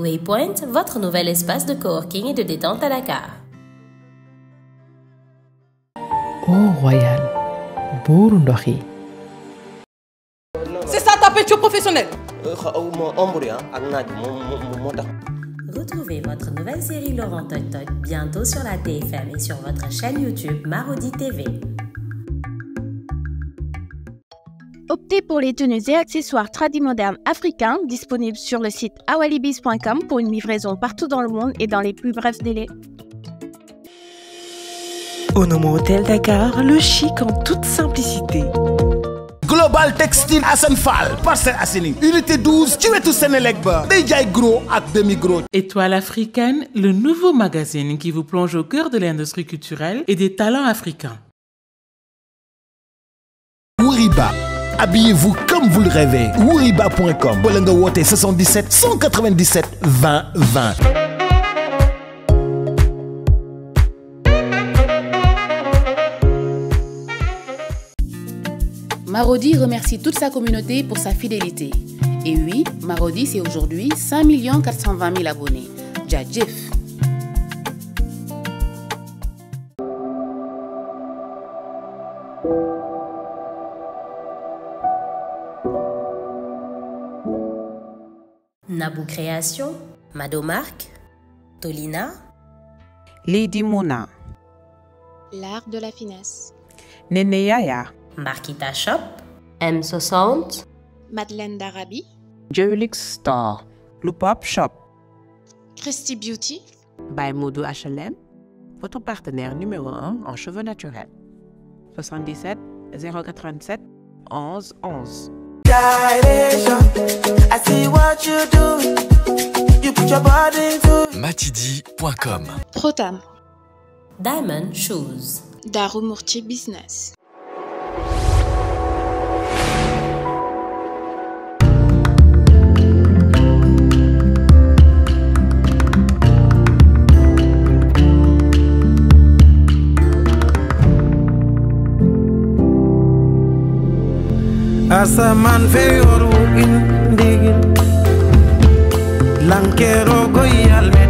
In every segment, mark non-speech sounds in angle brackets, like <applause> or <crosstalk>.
Waypoint, votre nouvel espace de coworking et de détente à carte. Oh Royal, C'est ça ta peinture professionnelle Retrouvez votre nouvelle série Laurent Toy bientôt sur la TFM et sur votre chaîne YouTube Marodi TV. Optez pour les tenues et accessoires modernes africains disponibles sur le site awalibis.com pour une livraison partout dans le monde et dans les plus brefs délais. Au nom Dakar, le chic en toute simplicité. Global Textile Asenfal, Fall, Parcel Unité 12, tu es tout gros demi gros. Étoile africaine, le nouveau magazine qui vous plonge au cœur de l'industrie culturelle et des talents africains. Mouriba Habillez-vous comme vous le rêvez. Wuriba.com. Bolendo Water 77 197 20 20. Marodi remercie toute sa communauté pour sa fidélité. Et oui, Marodi, c'est aujourd'hui 5 420 000 abonnés. Djadjif Création, Madomark, Tolina, Lady Mona, L'Art de la Finesse, Neneyaya, Marquita Shop, M60, Madeleine Darabi Jolix Star, Loupop Shop, Christy Beauty, by HLM, votre partenaire numéro 1 en cheveux naturels. 77 087 11 11 direction. I see what you do. You put your body to Matidi.com Protam Diamond Shoes Darumurti Business asamaan fee yor wu in ndigil lankeeroo goy yàlla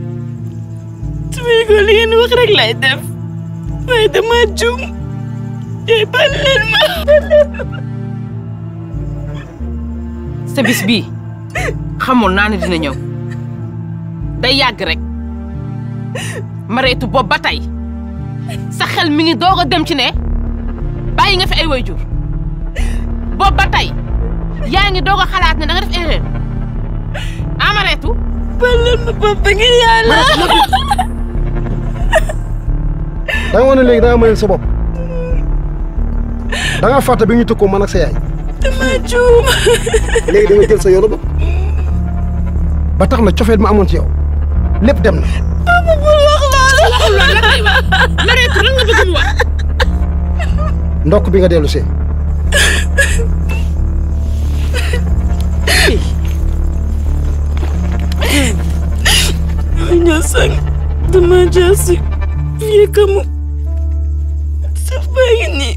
ko li ngeen wax rek lay def waaye dama jum te bal leen ma sa bis xamoon naa ne dina ñëw day yàgg rek mareetu boobu ba tay sa xel mi ngi doog a dem ci ne bàyyi nga fi ay waajur boobu ba tey yaa ngi doog a xalaat ne da nga def erreur amareetu. bal leen ma bopp ngir yàlla da nga wone léegi da nga mënal sa bop da nga fàtte bi man ak sa yaay dama juum léegi da nga jël sa yoro bopp ba tax na ciofet ma amoon ci yow lepp dem na papa wax ndokk bi nga dellu ñu sang Tamajasu via kamu sampai ini.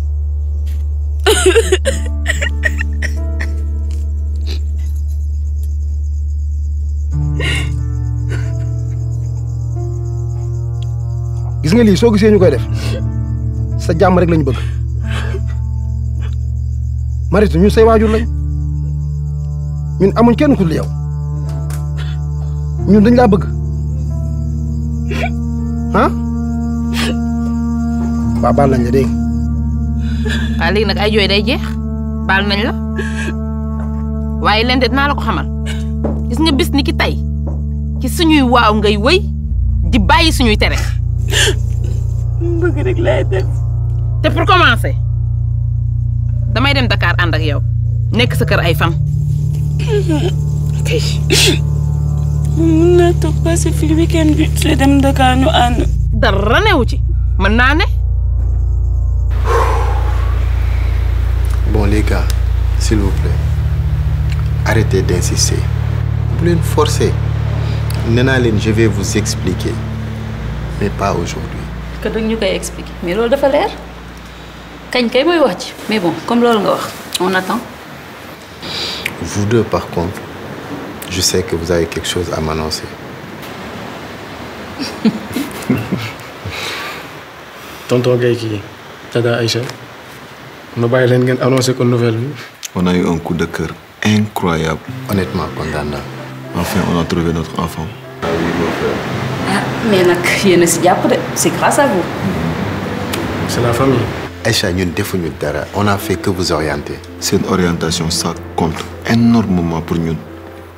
gis nga lii soo gisee ñu def sa jàmm rek lañu bëgg maritu ñun say waajur lañ ñun amuñ kenn ku dul yow ñun dañ bëgg ha Ba baal nañ la dégg waaw léegi nag ay joy day jeex baal nañ la waaye leen de dinaa la ko xamal gis nga bis ni ki tey ci suñuy waaw ngay wëy di bayyi suñuy téré. bëgg rek lay def Té pour commencer damay dem Dakar and ak yow Nek sa kër ay fan mun naa toog passé fii weekend bi su dem Dakar ñu ànd. dara newu ci mën naa ne. bon les gars s'il vous plaît arrêtez d'insister bu leen forcer nee naa je vais vous expliquer mais pas aujourd'hui que dañ ñu koy expliquer mais loolu dafa leer kañ kay mooy wax mais bon comme loolu nga wax on attend. vous deux par contre je sais que vous avez quelque chose à m'annoncer. <laughs> Tonton Gaïki, Tada Aïcha, annoncer une nouvelle. On a eu un coup de cœur incroyable. Honnêtement, condamné. Enfin, on a trouvé notre enfant. Ah oui, mon frère. mais c'est grâce à vous. C'est la famille. Aïcha, nous On n'a fait que vous orienter. Cette orientation, ça compte énormément pour nous.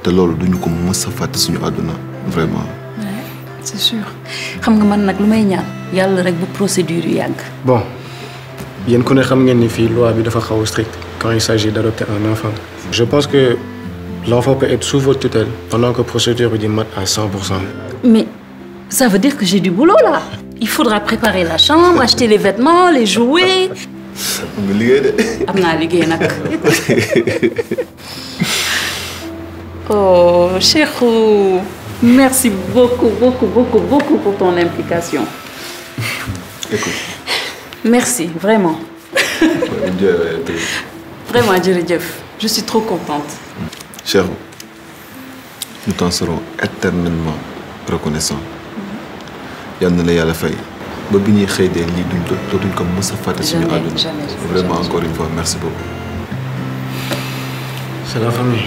C'est duñu ko suñu c'est sûr Je nga man nag lu may ñaan rek procédure yu bon yéen ku ne xam ngeen ni nous loi bi dafa xaw strict quand il s'agit d'adopter un enfant. je pense que l'enfant peut être sous votre tutelle pendant que procédure est di mat à 100 mais ça veut dire que j'ai du boulot là. il faudra préparer la chambre acheter les vêtements les jouets. Vous nga liggéey je travaille. <laughs> Oh, chérou, merci beaucoup, beaucoup, beaucoup, beaucoup pour ton implication. Écoute. Merci, vraiment. <laughs> Euh, vraiment, Djeridjef, je suis trop contente. Chérou, nous t'en serons éternellement reconnaissants. la yalla Vraiment encore une fois merci beaucoup. C'est la famille.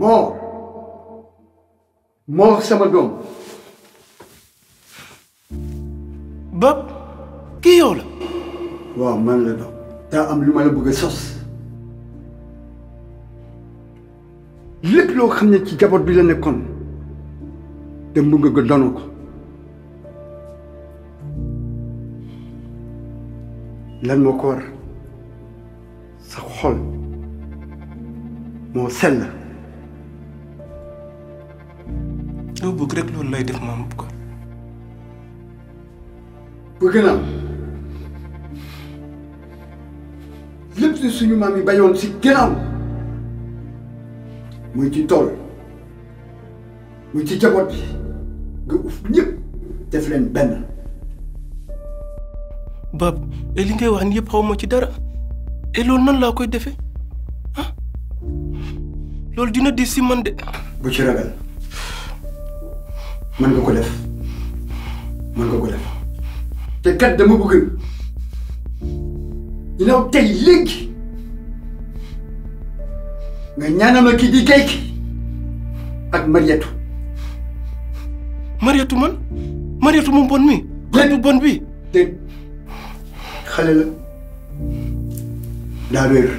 moo moo sama doom ba kii yow la man la doom daa am lu ma la bëgg a sos lépp loo xam ne ci jaboot bi la nekkoon te mbëgg nga doon ko lan moo sa xol moo sell dama bëgg rek loolu lay def maam ko bëgg naa lépp si suñu maam yi bayoon si ginnaaw muy ci tool muy ci jaboot nga uf Bab li ngay wax ni yëpp ci dara et loolu nan laa koy defee ah loolu dina di si man mën nga ko def mën nga ko def te kat dama bëgg yow tey léegi nga ñaanal ma kii di kay ak Mariétu. Mariétu man Mariétu moom bon mi. léegi bon bi dégg xale la daa réer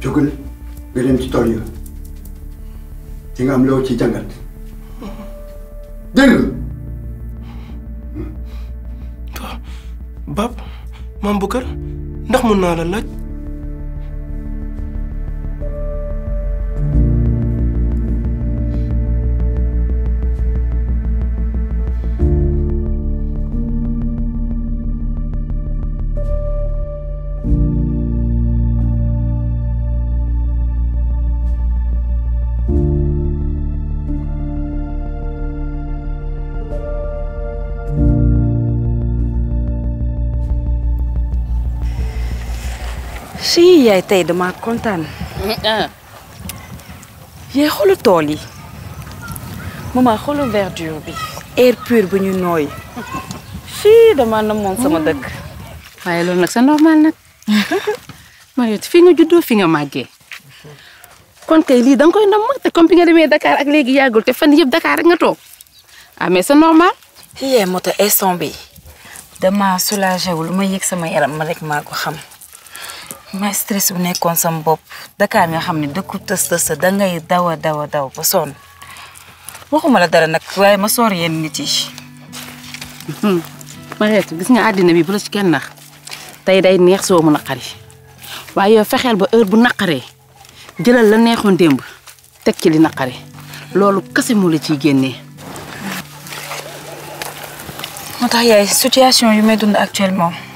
jógal dem ci tool yi di nga am loo ci jàngat. dégg nga. waaw Bab maam Bukar ndax mun naa la laaj. yaay tey dama kontaan. yaay xoolal tool yi. mama xoolal verdure bi. air pur bu ñu nooy. fii dama na moom sama dëkk. waaye loolu nag c'est normal maar je fii nga juddoo fi nga màggee. kon kay dan da nga koy ndam te comme bi nga demee Dakar ak léegi yàggul te fan yëpp Dakar nga toog ah mais c'est normal. yee moto instant bi damaa ma yëg sama yaram ma ko xam. ma stress bu nekkoon sam bopp Dakar nga xam ne dëkku tës tës da ngay daw a daw a daw ba sonn waxuma la dara nag waaye ma soor yenn nit yi. Hmm. Mariette gis nga àddina bi bu la ci kenn nax tey day neex soo waaye yow fexeel ba heure bu naqaree jëlal la neexoon démb teg ci li naqari loolu kese moo la ciy génnee. moo tax yaay situation yu may dund actuellement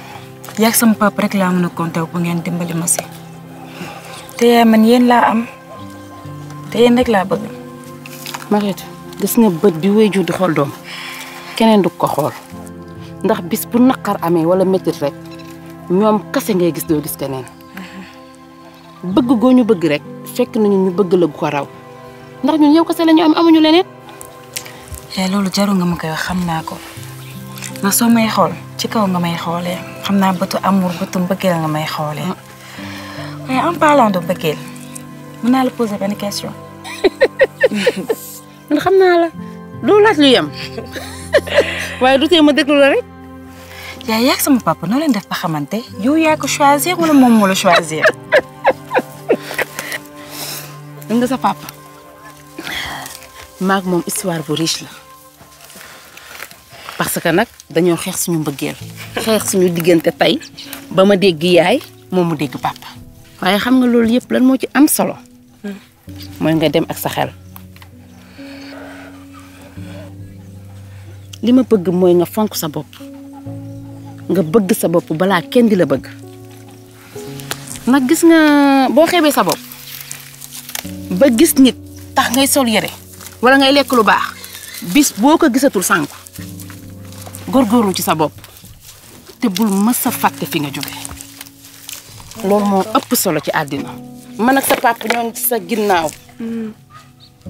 yak sama papa rek la mën a compté bu ngeen dimbali ma sé te man yeen la am te yeen rek la bëgg. marit gis nga bët bi wéy di doom kenen du ko xol ndax bis bu nakar amé wala metti rek ñom kase ngay gis do gis kenen bëgg goo ñu bëgg rek fekk nañu ñu bëgg la ko raw ndax ñun yow kase lañu am amuñu lenen ya lolu jaru nga ma kay wax ko na so may xol ci kaw nga may ya? xolé xamna bëtu amour bëtu mbëggeel nga may xolé waaye en parlant de mbëggeel mëna la poser ben question. man xamna la doo laaj lu yam waaye du téma déglu la rek. ya yak sama papa no leen def ba xamante yow ya ko choisir wala mom mo la choisir. dégg nga sa papa. mag mom histoire bu riche la. parce que nak dañu xex suñu mbeugël xex suñu digënté tay ba ma dégg yaay momu dégg papa waye xam nga loolu yépp lan mo ci am solo moy nga dem ak sa xel lima bëgg moy nga fonk sa bop nga bëgg sa bop bala kenn di la bëgg nak gis nga bo xébé sa bop ba gis nit tax ngay sol yéré wala ngay lekk lu baax bis boko gisatul sanku gor góorgóorlu ci sa bop te bul mës a fàtte fi nga joge lool mo ëpp solo ci adina man ak sa papa ñoo ci sa ginnaw hmm.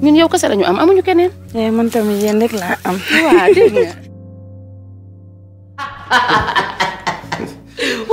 ñun yow kessé lañu am amuñu keneen eh, man tamit yeen rek la am waaw dégg nga <laughs>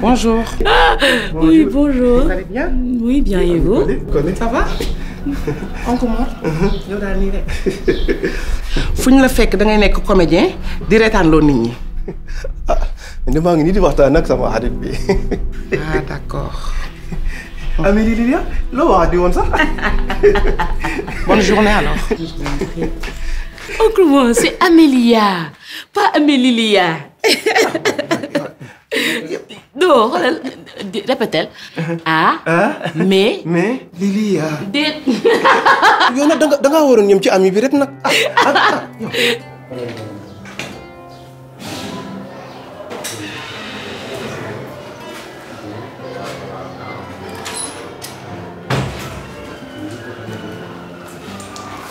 Bonjour. Ah, oui, bonjour. Vous allez bien Oui, bien et vous Ça va encore comment? <laughs> comédien direct? nit ah, ah d'accord. ah d'accord. Amélie Lilia bonne journée alors. Oncle Mo, c'est Amélia, pas Amélilia. <laughs> non, répète-le. ah. ah mais. mais Lilia. déet. yow nag da nga da ngaa waroon yem ci ami bi ah, ah, ah,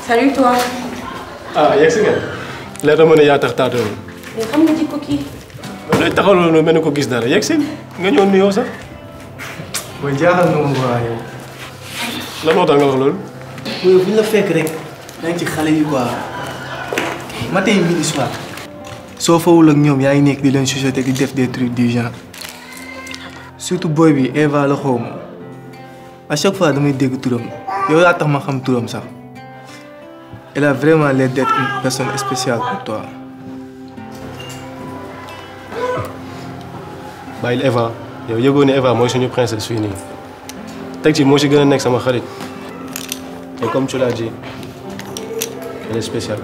Salut toi. ah yegg si ngeen. leer na ma ne yaa tax taatoo mais xam nga jikko kii. loolu ko gis dara yegg si nga ñëw nuyoo sax. mooy jaaxal nga ma waa yow. lan moo tax nga rek di leen chuchoter di def boy bi Eva la xaw ma à chaque fois turam yow yaa turam Elle a vraiment l'air d'être une personne spéciale pour toi. bàyyil Eva yow yëgoo ne Eva moy suñu princesse fini. nii teg ci je suis gën sama xarit Et comme tu l'as dit elle est spéciale.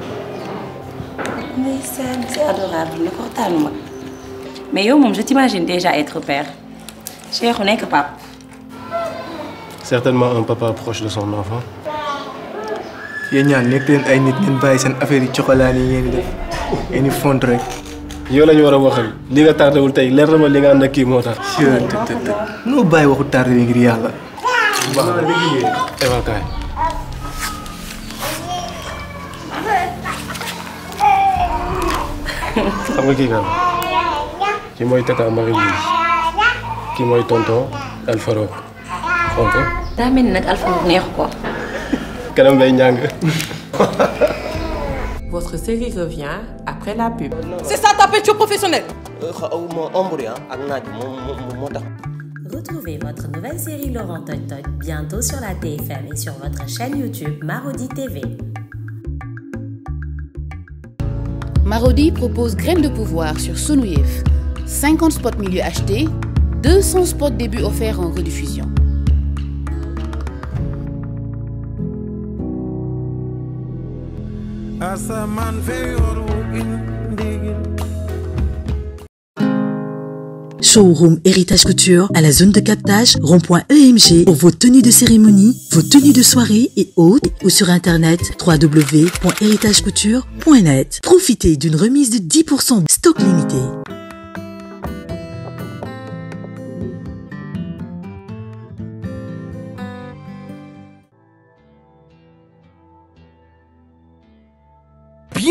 Mais c'est adorable le kontaanu ma mais yo mom, je t'imagine déjà être père Cheikhou un papa. certainement un papa proche de son enfant. yéen ñaan nekk leen ay nit ngeen bàyyi seen affaire yi coxalaan yi ngeen def ngeen fond rek. yow lañu war a waxal li nga tardewul tey leer na ma li nga ànd ak kii moo tax. si la noo bàyyi waxu tardé ngir yàlla. baax na xam nga kii kan kii mooy Tata Marie Louise kii mooy tonton Alfaro xonk. daa mel ni nag Alfaro neexu ko. Votre série revient après la pub. C'est ça ta peinture professionnelle euh, hein, Retrouvez votre nouvelle série Laurent Toc bientôt sur la TFM et sur votre chaîne YouTube Marodi TV. Marodi propose Graines de pouvoir sur Sonouyev. 50 spots milieu achetés, 200 spots début offerts en rediffusion. Showroom Héritage Couture à la zone de captage rond.emg pour vos tenues de cérémonie, vos tenues de soirée et autres ou sur internet www.heritagecouture.net. Profitez d'une remise de 10% stock limité.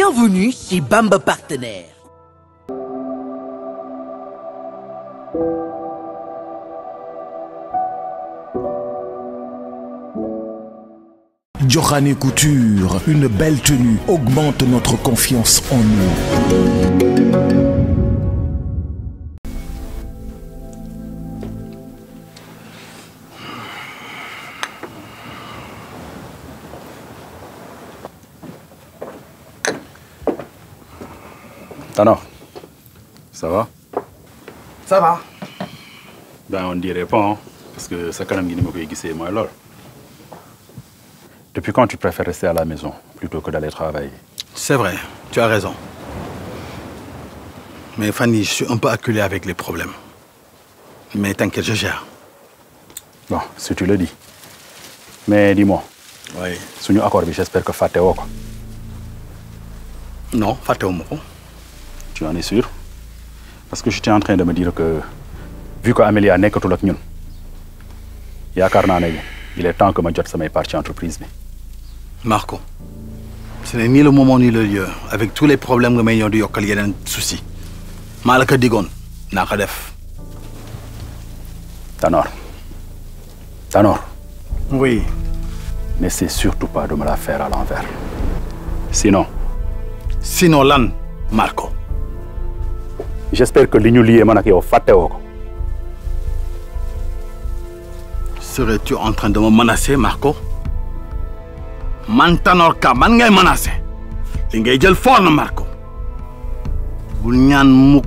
Bienvenue chez Bamba Partenaire. et Couture, une belle tenue augmente notre confiance en nous. Tano, ça va Ça va. Ben, on dirait pas, hein, parce que ça quand même que moi alors. Depuis quand tu préfères rester à la maison plutôt que d'aller travailler C'est vrai, tu as raison. Mais Fanny, je suis un peu acculé avec les problèmes. Mais t'inquiète, je gère. Bon, si tu le dis. Mais dis-moi. Oui. Si nous j'espère que Fatéo. Non, Fatéo, tu en es sûr parce que j'étais en train de me dire que vu que n'est que tout le monde. il est temps que ma jot samay partie entreprise Marco ce n'est ni le moment ni le lieu avec tous les problèmes que may qu'il y il y souci un souci. ko Tanor Tanor. oui. n'essaie surtout pas de me la faire à l'envers sinon. sinon lan Marco j'espère que li lié man ak yow serais-tu en train de me menacer Marco man Tanor Ka man ngay menacer li ngay jël fort na Marco bul ñaan mukk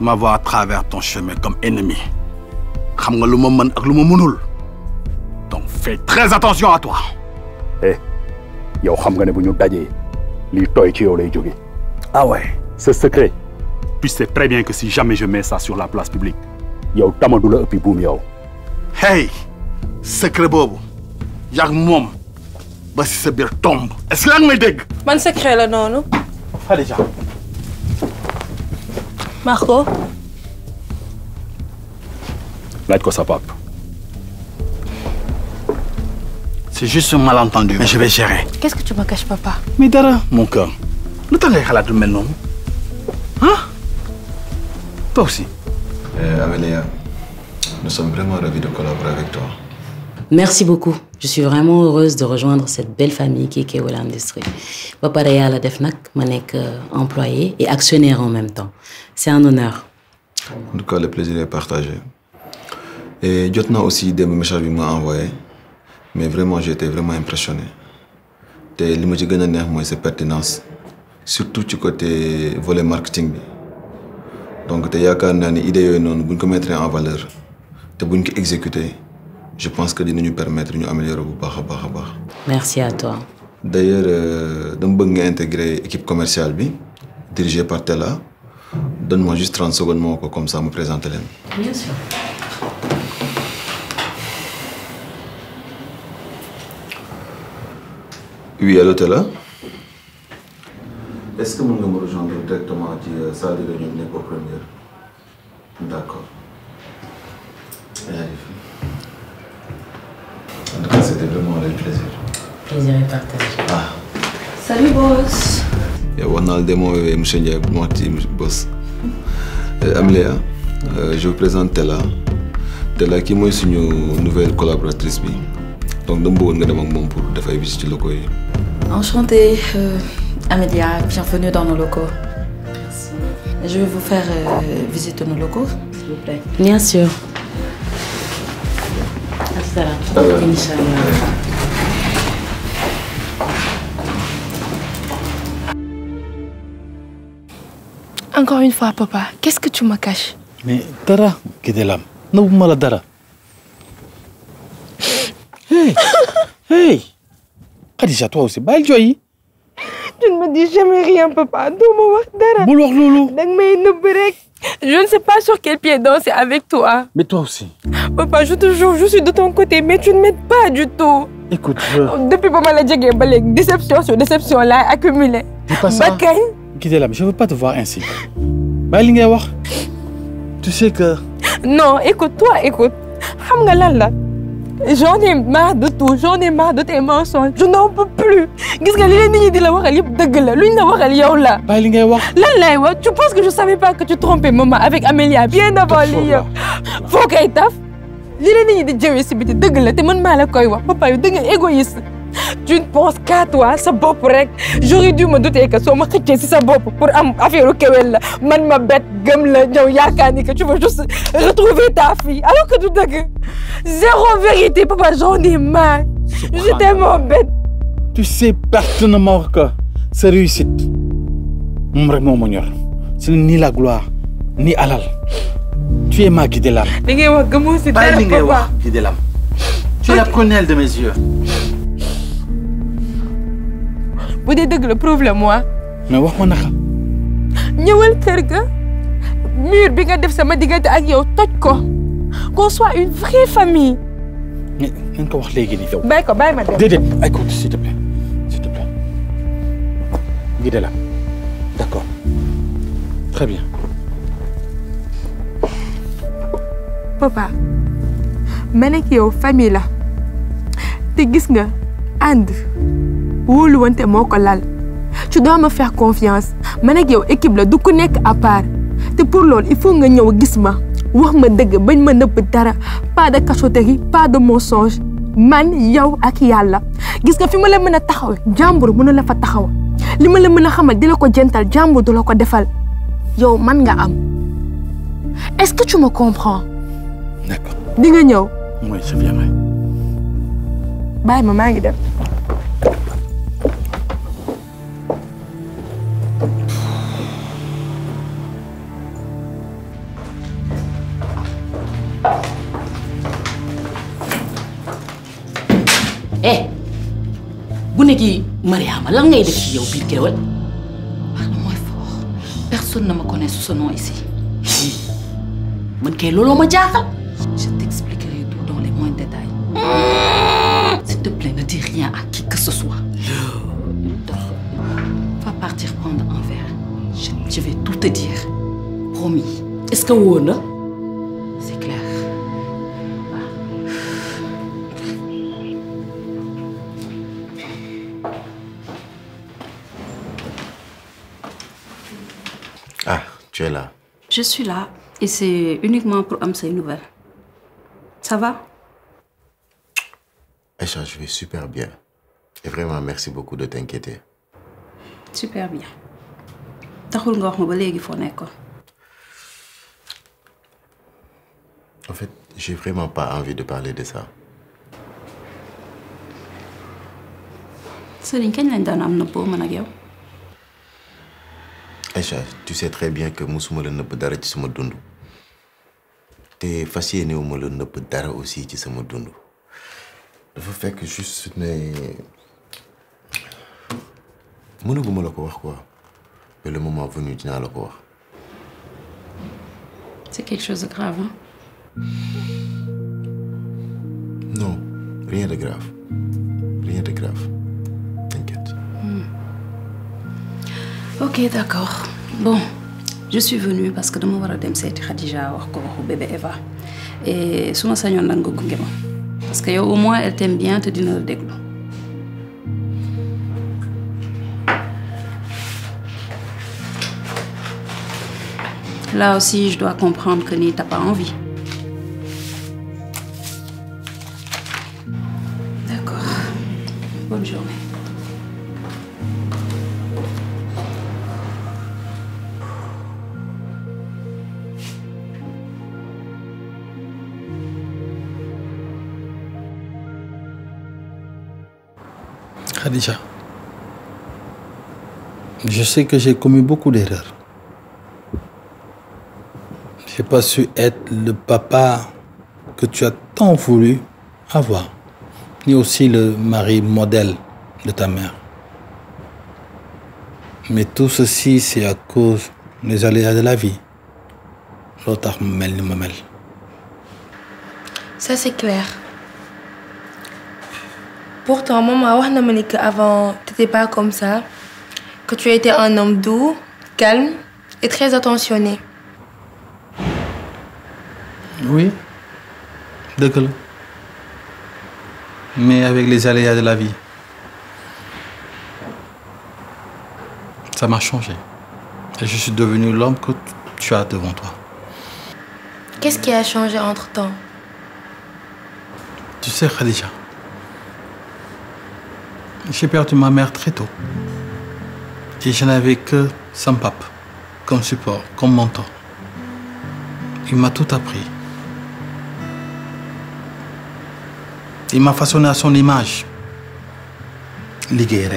m'avoir à travers ton chemin comme ennemi xam nga ce que mën ak lu mënul donc fais très attention à toi. eh yow xam nga ne bu ñu li lii tooy ci yow lay jóge ah ouais. c'est secret puis c'est très bien que si jamais je mets ça sur la place publique yow douleur et puis boum, yo. hey secret Bobo, yàgg mom, ba si c'est bien tombe est-ce que là ngi may dégg. man secret la déjà. Marco. là quoi, ça pape? c'est juste un malentendu. mais je vais gérer. qu'est-ce que tu me caches papa. mais dara. mon cœur tu tax ngay xalaat mel nom. Toi aussi. Euh, nous sommes vraiment ravis de collaborer avec toi. Merci beaucoup. Je suis vraiment heureuse de rejoindre cette belle famille qui est Kewala Industries. Je la Defnac, euh, employé et actionnaire en même temps. C'est un honneur. En tout cas, le plaisir est partagé. Et Jotna aussi des messages qu'il m'a Mais vraiment, j'ai été vraiment impressionné. Et ce que j'ai pertinence. Surtout du côté volet marketing donc te y a ni idée que mettre en valeur te bu exécuter je pense que nous permettre ñu améliorer bu améliorer. merci à toi. D'ailleurs.. Je euh, dama bëgg intégrer l'équipe commerciale dirigée par Tella donne-moi juste 30 secondes pour me comme ça me présenter bien sûr. oui à Tella est-ce que mën nga me rejoindre directement la euh, salle de réunion bi nekk au premier d'accord en tout cas c'était vraiment un plaisir. plaisir est partage. ah. salut boss. yow wax naa la de euh, ma woowee monsieur boss. Euh, je vous présente Tella Tella qui est une nouvelle collaboratrice donc je vous remercie pour faire visite ci locaux enchanté. Euh... Amélia, bienvenue dans nos locaux. Merci. Je vais vous faire euh, visiter nos locaux, s'il vous plaît. Bien sûr. Encore une fois, papa, qu'est-ce que tu me caches Mais Tara, Kedelam, n'oublie la Tara. Hey, hey, Khadija, toi aussi, bye, Joy. Hein tu ne me dis jamais rien papa pas je ne sais pas sur quel pied danser avec toi. mais toi aussi. papa je te jure je suis de ton côté mais tu ne m'aides pas du tout. écoute je. depuis ba mal de ba déception sur déception là accumulé. pas ça ba ne là je veux pas te voir ainsi. tu sais que. non écoute toi écoute j'en ai marre de tout j'en ai marre de tes mensonges je n'en peux plus quest ce li dit la waxal la tu penses que je savais pas que tu trompais maman avec Amélia bien avant lui? Faut li di la te man papa Tu égoïste tu ne penses qu'à toi sa pour rek j'aurais dû me douter que ça ma xëccee si sa bop pour un affaire u kewel man ma bête gëm la yakani, que tu veux juste retrouver ta fille alors que du coup, zéro vérité papa j'en ai marre je mon tellement bête tu sais pertinemment que c'est réussite mon mon moo ce n'est ni la gloire ni alal tu es ma guidée de l'âme tu es la prunelle de mes yeux vous avez le problème, moi. mais wax ma naka. Je bi nga def qu'on soit une vraie famille. mais ne ko wax léegi yow. s'il te plaît s'il te plaît guide d'accord très bien. papa je suis une famille la es. nga wóoluwante moo ko lal tu dois me faire confiance man yow équipe la du à part te pour loolu il faut nga au gis ma wax ma dëgg bañ ma tara. pas de cachotterie pas de mensonge man yow ak yàlla gis nga fi ma la mën taxaw la fa taxaw la ko gentle. jàmbur dilo ko defal Yo, man nga am est-ce que tu me comprends. d'accord di nga ñëw. mooy bàyyi ma ngi ne Mariama fort personne ne me connaît sous ce nom ici. man kay ma je t'expliquerai tout dans les moindres détails. s'il te plaît ne dis rien à qui que ce soit. va partir prendre un verre. je vais tout te dire promis. est-ce que vous? Je suis là et c'est uniquement pour une une nouvelle. Ça va Aïcha, je vais super bien. Et vraiment, merci beaucoup de t'inquiéter. Super bien. Tu nga wax En fait, j'ai vraiment pas envie de parler de ça. C'est ce que tu am Aïcha tu sais très bien que musuma la nëbb dara ci sama dundu. te fas yéene wu ma la nëbb dara aussi ci sama Le fait que juste ne mënaguma pas ko wax quoi mais le moment venu dinaa la ko wax. c'est quelque chose de grave hein? non rien de grave rien de grave. ok d'accord bon je suis venue parce que demain, mon a dem déjà Khadija au bébé Eva et je ma sañoon nag nga parce que au moins elle t'aime bien te dina la Là aussi je dois comprendre que tu n'as pas envie. je sais que j'ai commis beaucoup d'erreurs. Je n'ai pas su être le papa que tu as tant voulu avoir, ni aussi le mari modèle de ta mère. Mais tout ceci, c'est à cause des aléas de la vie. Ça, c'est clair. Pourtant, maman, avant, tu n'étais pas comme ça que tu as été un homme doux, calme et très attentionné. Oui, que mais avec les aléas de la vie ça m'a changé et je suis devenu l'homme que tu as devant toi. Qu'est-ce qui a changé entre-temps? Tu sais, Khadija, j'ai perdu ma mère très tôt et je n'avais que son pape comme support, comme mentor. Il m'a tout appris. Il m'a façonné à son image. Liguer,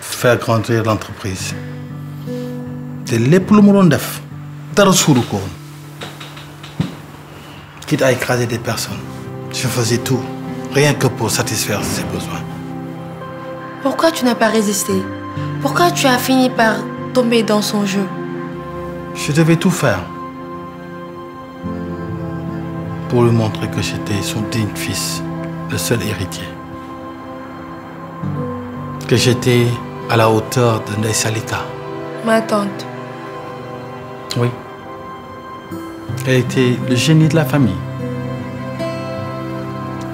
Faire grandir l'entreprise. C'est le plus grand quitte à écraser des personnes je faisais tout rien que pour satisfaire ses besoins. Pourquoi tu n'as pas résisté pourquoi tu as fini par tomber dans son jeu Je devais tout faire pour lui montrer que j'étais son digne fils, le seul héritier. Que j'étais à la hauteur de Naisalika. Ma tante. Oui. Elle était le génie de la famille.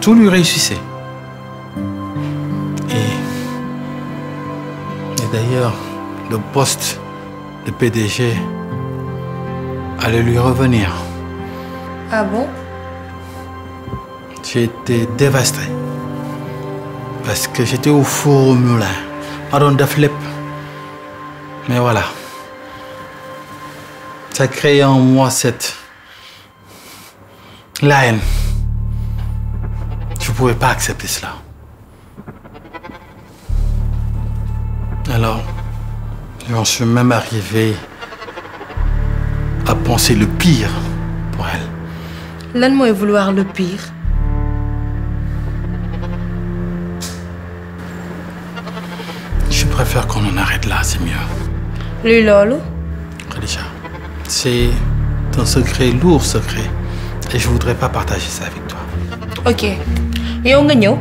Tout lui réussissait. le poste de PDG allait lui revenir. Ah bon J'ai été dévasté. Parce que j'étais au four au moulin. Pardon de flip. Mais voilà. Ça crée en moi cette... La haine. Je ne pouvais pas accepter cela. Alors, je suis même arrivé à penser le pire pour elle. l'homme est vouloir le pire. Je préfère qu'on en arrête là, c'est mieux. Lui, Lolo Déjà, c'est un secret lourd secret. Et je voudrais pas partager ça avec toi. Ok. Et on gagne. Oh?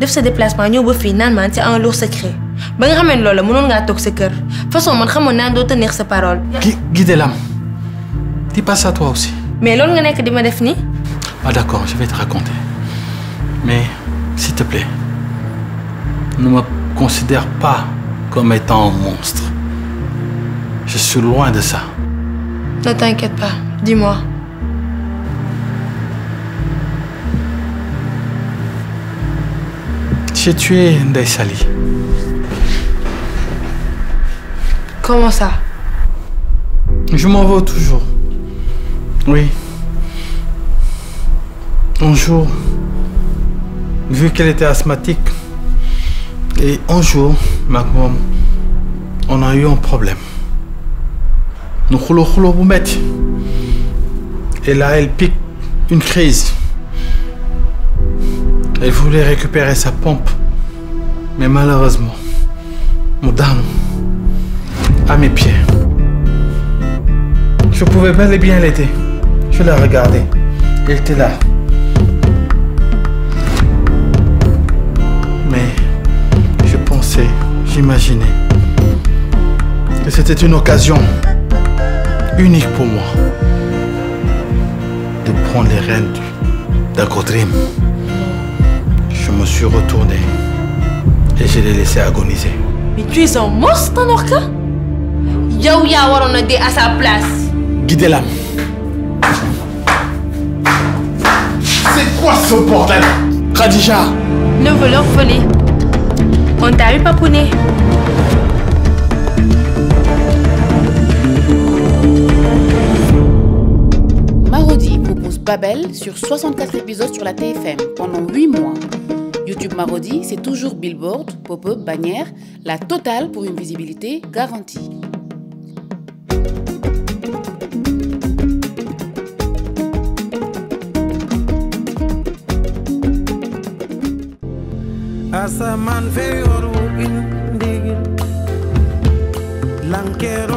de ce déplacement, nous, au finalement c'est un lourd secret ba nga xamee pas sa toute façon man tenir sa parole. guidez dis pas ça toi aussi. mais c'est nga que tu def ah d'accord je vais te raconter mais s'il te plaît ne me considère pas comme étant un monstre je suis loin de ça. ne t'inquiète pas dis-moi. J'ai tué Ndaï Sali. Comment ça Je m'en vais toujours. Oui. Un jour, vu qu'elle était asthmatique, et un jour, ma maman, on a eu un problème. Nous roulons, vous mettez. Et là, elle pique une crise. Elle voulait récupérer sa pompe, mais malheureusement, mon dame, à mes pieds. Je pouvais bel et bien l'aider. Je la regardais. Elle était là. Mais je pensais, j'imaginais que c'était une occasion unique pour moi de prendre les rênes d'Agodrim. Je me suis retourné et je l'ai laissé agoniser. Mais tu es un monstre, leur cas... Yaouya on à sa place. guidez l'ami. C'est quoi ce bordel Radija! Le voleur volé. On t'a eu papouné. Marodi propose Babel sur 64 épisodes sur la TFM pendant 8 mois. YouTube Marodi, c'est toujours billboard, pop-up, bannière, la totale pour une visibilité garantie. asamaan fee yor wu indi lankeer